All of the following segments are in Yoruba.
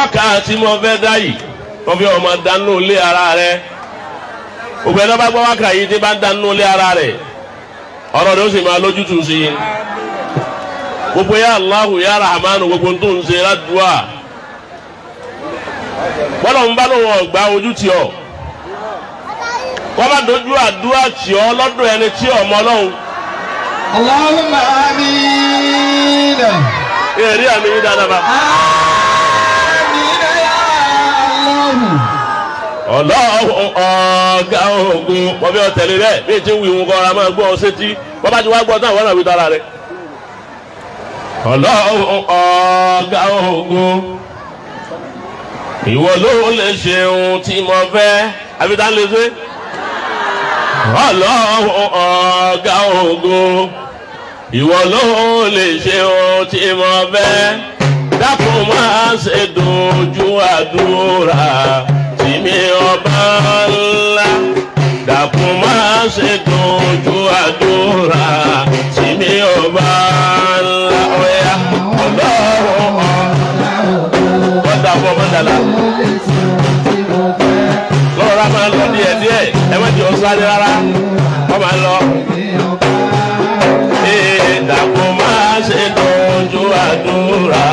wákàtí mo fẹ́ dá yìí mo fi ọmọ dánú lé ara rẹ òbẹ̀ náà bá gbọ́ wákàtí yìí tí bá dánú lé ara rẹ ọrọ rẹ ó sì máa lójútùú sí i gbogbo ya Allahu ya Rahmanu gbogbo tó ń ṣe ládùúà bọ́lá ń bá lóun ọ̀gbà ojú tì ọ́ wọ́n bá dojú àdúrà tì ọ́ lọ́dọ̀ ẹni tí ọmọ ọlọ́run. Allahumma àmín. èrè àmì yín dáadáa bá. ọlọ́run ọ̀gá ogun wọ́n fi ọ̀tẹ̀lẹ̀ rẹ̀ bí etí wù ìwọ̀n kọ́ra máa gbọ́ sétí wọ́n bá ti wá gbọ́ tán àwọn náà wí tara rẹ̀. ọlọ́run ọ̀gá ogun ìwọ ló lè ṣe ohun tí mo fẹ́ àfi lè ṣe. ọlọ́run ọ̀gá ogun ìwọ ló lè ṣe tí mo fẹ́ dákun máa ṣe dojú àdúrà òkè ọba ńlá dàkún máa ṣe dojú àdúrà sí mi ọba ńlá ọ̀yà ọlọ́run ọ̀dà fún ọmọ dàlà. lọ́rọ̀ máa ń lọ díẹ̀ díẹ̀ ẹ má jẹ́ ọ̀sáré rárá ọ máa lọ. dàkún máa ṣe dojú àdúrà.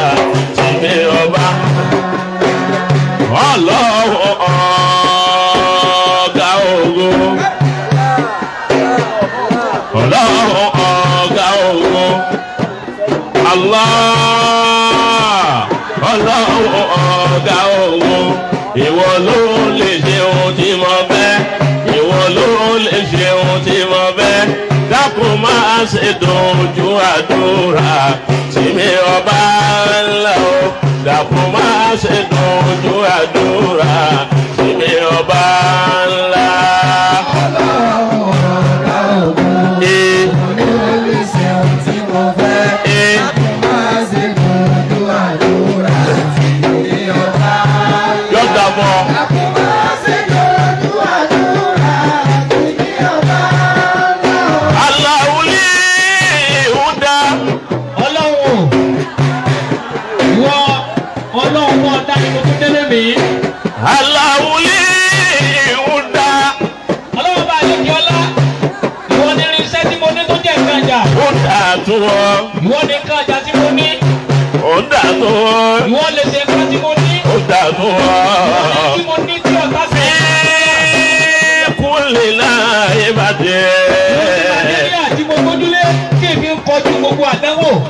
kó se doju adura, àdúrà tìmí ọba ńlá o dàpọ̀ má ṣe dojú àdúrà tìmí ọba ńlá.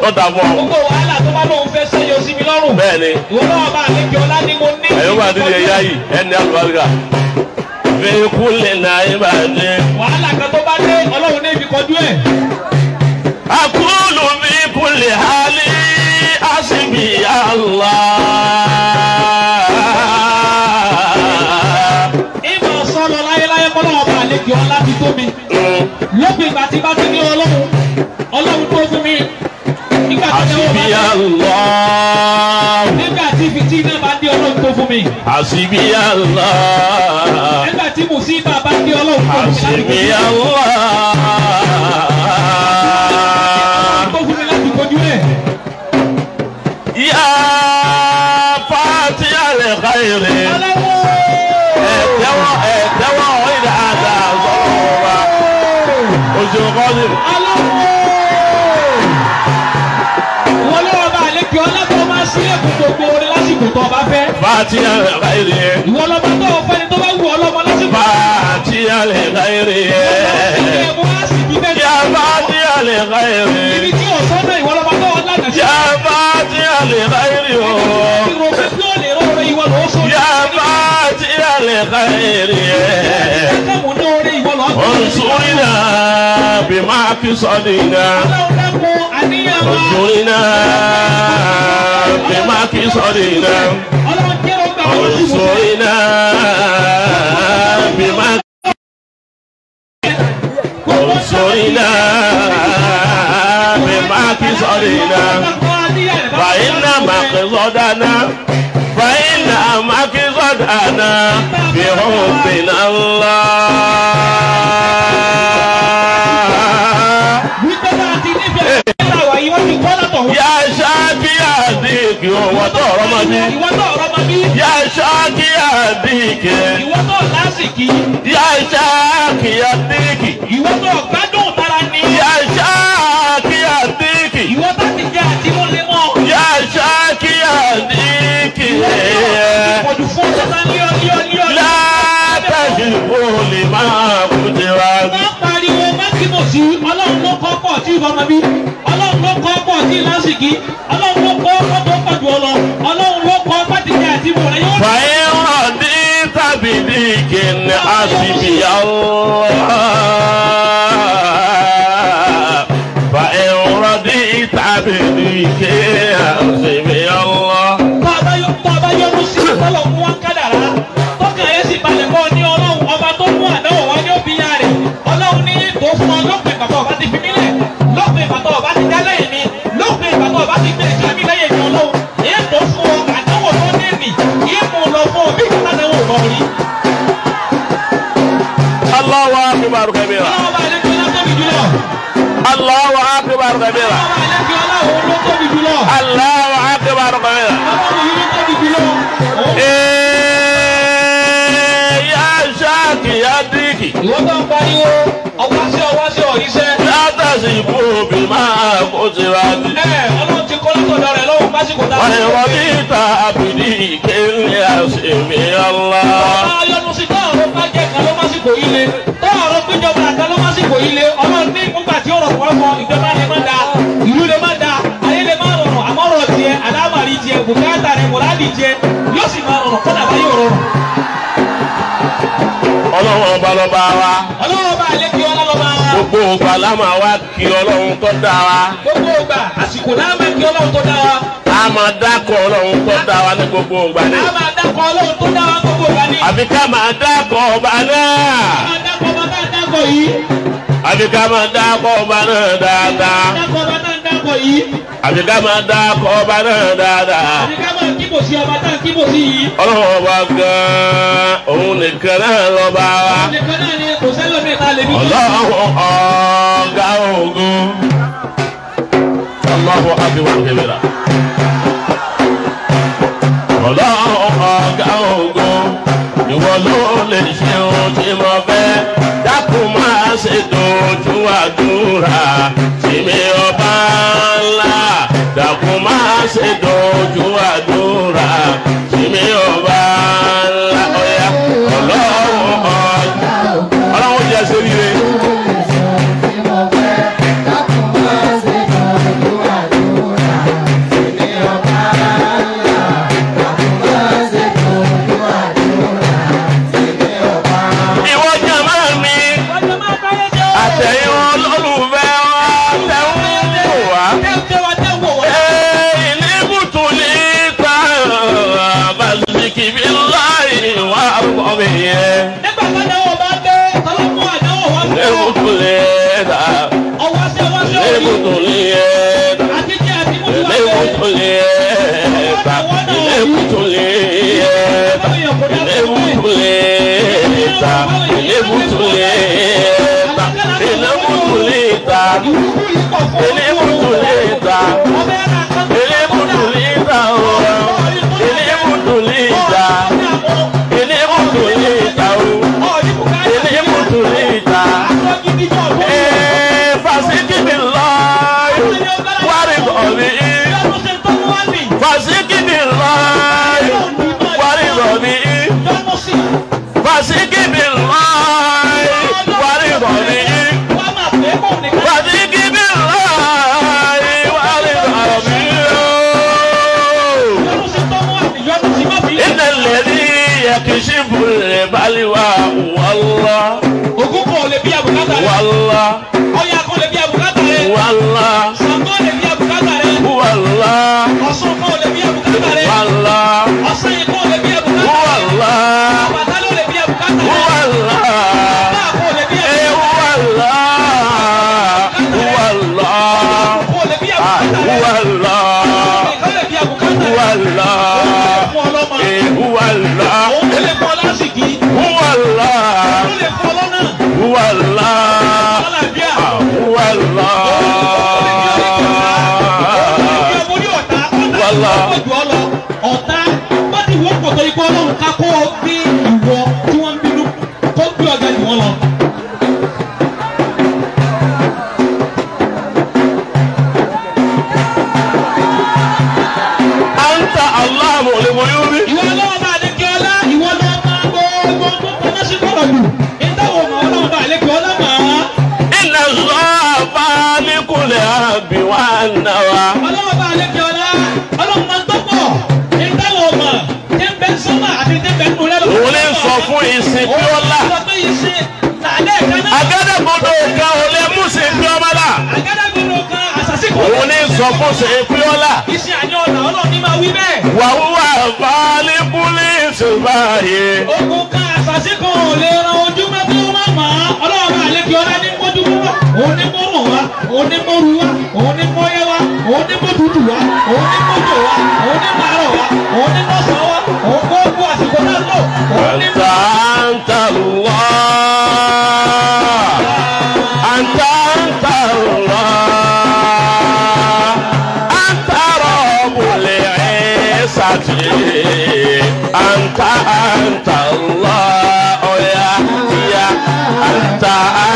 ó ta bọ̀. gbogbo wàhálà tó bá lóun fẹ́ ṣe yóò sí mi lọ́rùn. bẹ́ẹ̀ni. ìwọ náà bá àlejò ọlá ni mo ní. ẹ̀yọ́ bá ti di yìí ẹni àlùbáríkà. fèkúlẹ̀ náà ẹ bá dé. wàhálà kan tó bá dé ọlọ́run ní ibi ẹ̀. àkúlù mi kúlẹ̀ hálí àṣìbí Allah. lópin ìgbà tí bá ti ní ọlọ́run àṣìbí àlá. nígbà tí mo sí bàbá ní ọlọ́run kò ní láti àṣìbí àlá. àti àlẹ́ká èrè yẹ. ìwọ lọ́ba tó o fẹ́ni tó bá wù ọ lọ́mọ lásìkò. bá àti àlẹ́ká èrè yẹ. yà bá àti àlẹ́ká èrè. ibi tí o sọ́nà ìwọ lọ́ba tó o lànà sí. yà bá àti àlẹ́ká èrè o. yà bá àti àlẹ́ká èrè yẹ. انصرنا بما في صدرنا. انصرنا بما في صدرنا. سئنا بما قل سئنا بما كسرنا فإن مقصدنا فإن مقصدنا بحبنا الله ìwọ wọ́n tó ọ̀rọ̀ máa bí. ìwọ tó ọ̀rọ̀ máa bí. yá iṣẹ́ kí á dìkì. ìwọ tó lásìkí. yá iṣẹ́ kí á dìkì. ìwọ tó gbádùn tara ni. yá iṣẹ́ kí á dìkì. ìwọ tó ti jẹ àti mú lé mọ́. yá iṣẹ́ kí á dìkì. ìpọ̀jù fún ọ̀sán ní ọ ní ọ ní ọ. látàkì kò lè máa kú jẹ wá. wọ́n pariwo mákìmọ̀ ọlọ́run ló kọ́ pọ̀ tí ìbọn ọlọ́run ló kọ́ pọ̀ tí lásìkí ọlọ́run ló kọ́ pọ̀. حسبي الله akbar kabira. Allahu akbar kabira. Allahu akbar kabira. Eh, ya ṣáàkì ya díkì. Ìwọ́n tó ń pariwo, ọwọ́ sí ọwọ́ sí ọ̀ríṣẹ́. Látàsí ikú òbí máa kó ti ra dì. Ẹ ọlọ́run ti kọ́ lọ́tọ̀dọ̀ rẹ̀ lọ́wọ́ pásíkò tá a. Wọ́n ní wọ́n ní ìta àbìdí kéwìn àṣìmí ọlá. Ọlọ́run yọ̀dún sí táwọn ọ̀rọ̀ bá jẹ́ kálọ́ àsìkò yìí lé ọlọ́run ní nígbà tí ọ̀rọ̀ pọ̀lọpọ̀ ìjọba lè má da ìlú lè má da ayé lè má rọrùn àmọ́ ọ̀rọ̀ tiẹ̀ àdámàrí tiẹ̀ bùkátà rẹ̀ mọ̀ládì tiẹ̀ yóò sì máa rọrùn kọ́nà bá yóò ọlọ́run ọba lọ́ba wa. ọlọ́run ọba àlejò ọlọ́ba wa. gbogbo ògbà lámà wá kí ọlọ́run tó dá wa. gbogbo ògbà àsìkò lámà kí ọlọ́run tó dá wa. a máa dákọ̀ ọlọ́run tó dá wa gbogbo ògbà ni. àbíká máa dákọ̀ ọba náà. a máa dákọ̀ ọba náà dákọ̀ yìí àbí ká máa dá kọ́ ọba náà dáadáa. àbí ká máa dá kọ́ ọba náà dáadáa. àbí ká máa kíbò sí ọba tá kíbò sí yìí. ọlọ́run ọba gan-an òun nìkan náà lọ́ba òun nìkan náà ni kò sẹ́lómi ìta lè bí. ọlọ́run ọ̀gá ògùn. Allahu akbar kebira. Ọlọ́run ọ̀gá ògùn ìwọ ló lè ṣe ohun tí mo fẹ́ dákun mọ́. ṣe dojú àdúrà tìmí ọba wàlá. òun lè fọ́ lásìkí. wàlá. òun lè fọ́ lọ́nà. wàlá. wàlá. bí ó là. Agádàgbodò kan ò lè mú sí bí ọmọ là. Òun ní sọ fún sí bí ó là. Wà wúwà balí búlí ìṣèlú ààyè. Ogun ká àṣàṣì kan ò lè ran ojú mọ́ bí ó máa mọ̀ ọ́. Ọlọ́run àlejò ọlá ní mójú púpọ̀. Òun ní mọ́ mọ̀ wá. Òun ní mọ́ ru wá. Òun ní mọ́ yẹ wá. Òun ní mọ́ dúdú wá. Òun ní mọ́ jò wá. Òun ní màárọ̀ wá. Òun ní lọ́sàn-án wá. Òun kó kú àsìkò náà lò. Santa.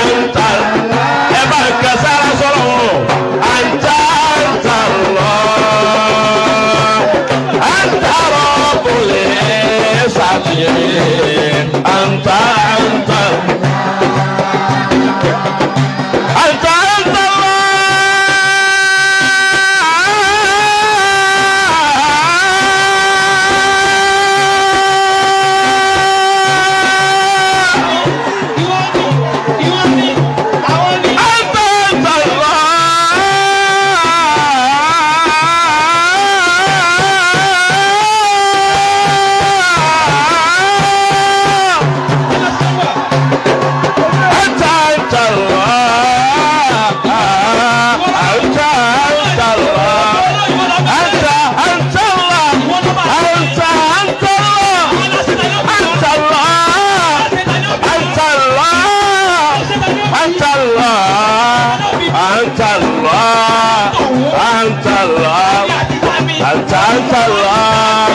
الله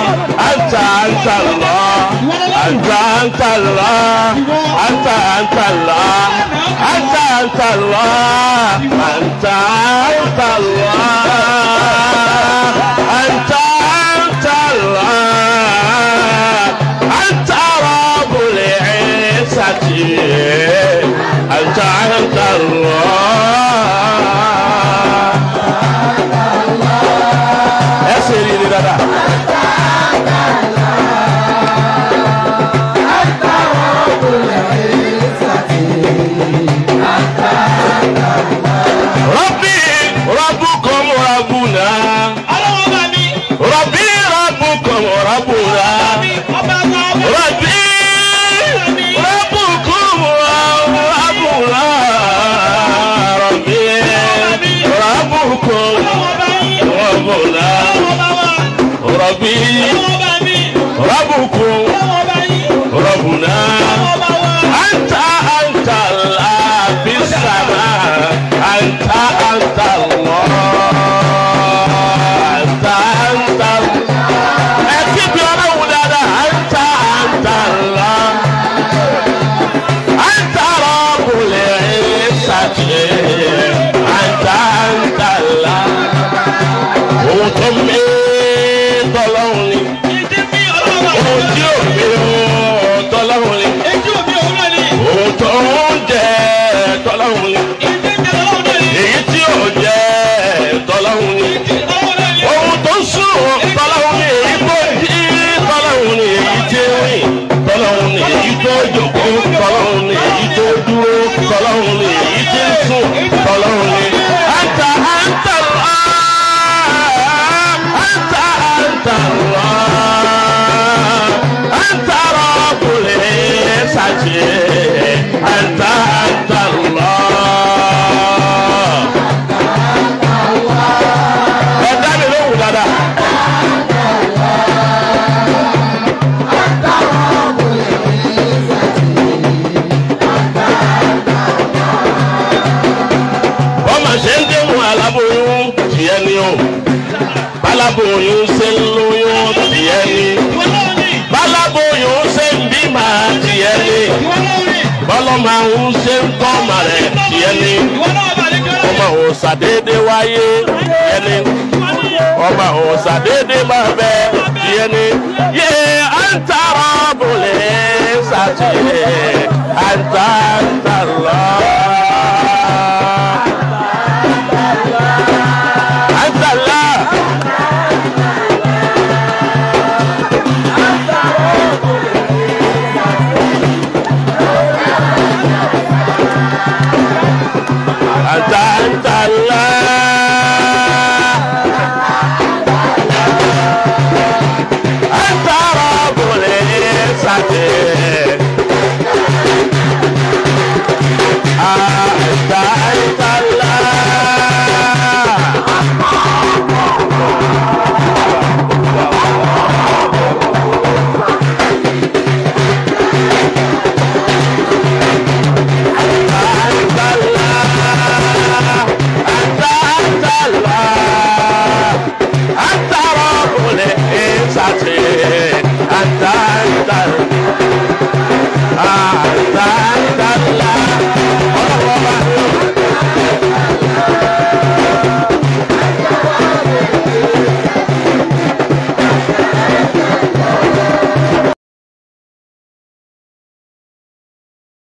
أنت أنت الله أنت أنت الله أنت أنت الله أنت أنت الله أنت أنت الله mọ̀lá rọ̀bí rọ̀bùkù rọ̀bùnà àǹtà àǹtà làbí sàmà àǹtà àǹtà. Amen. ń ṣe ń kọ́ ọmọ rẹ̀ tiẹ̀ ni ọmọ òsàdédé wáyé tiẹ̀ ni ọmọ òsàdédé máa bẹ tiẹ̀ ni yé àǹtàrà bùlẹ̀ sàtìlẹ̀ àǹtàǹtà lọ́wọ́.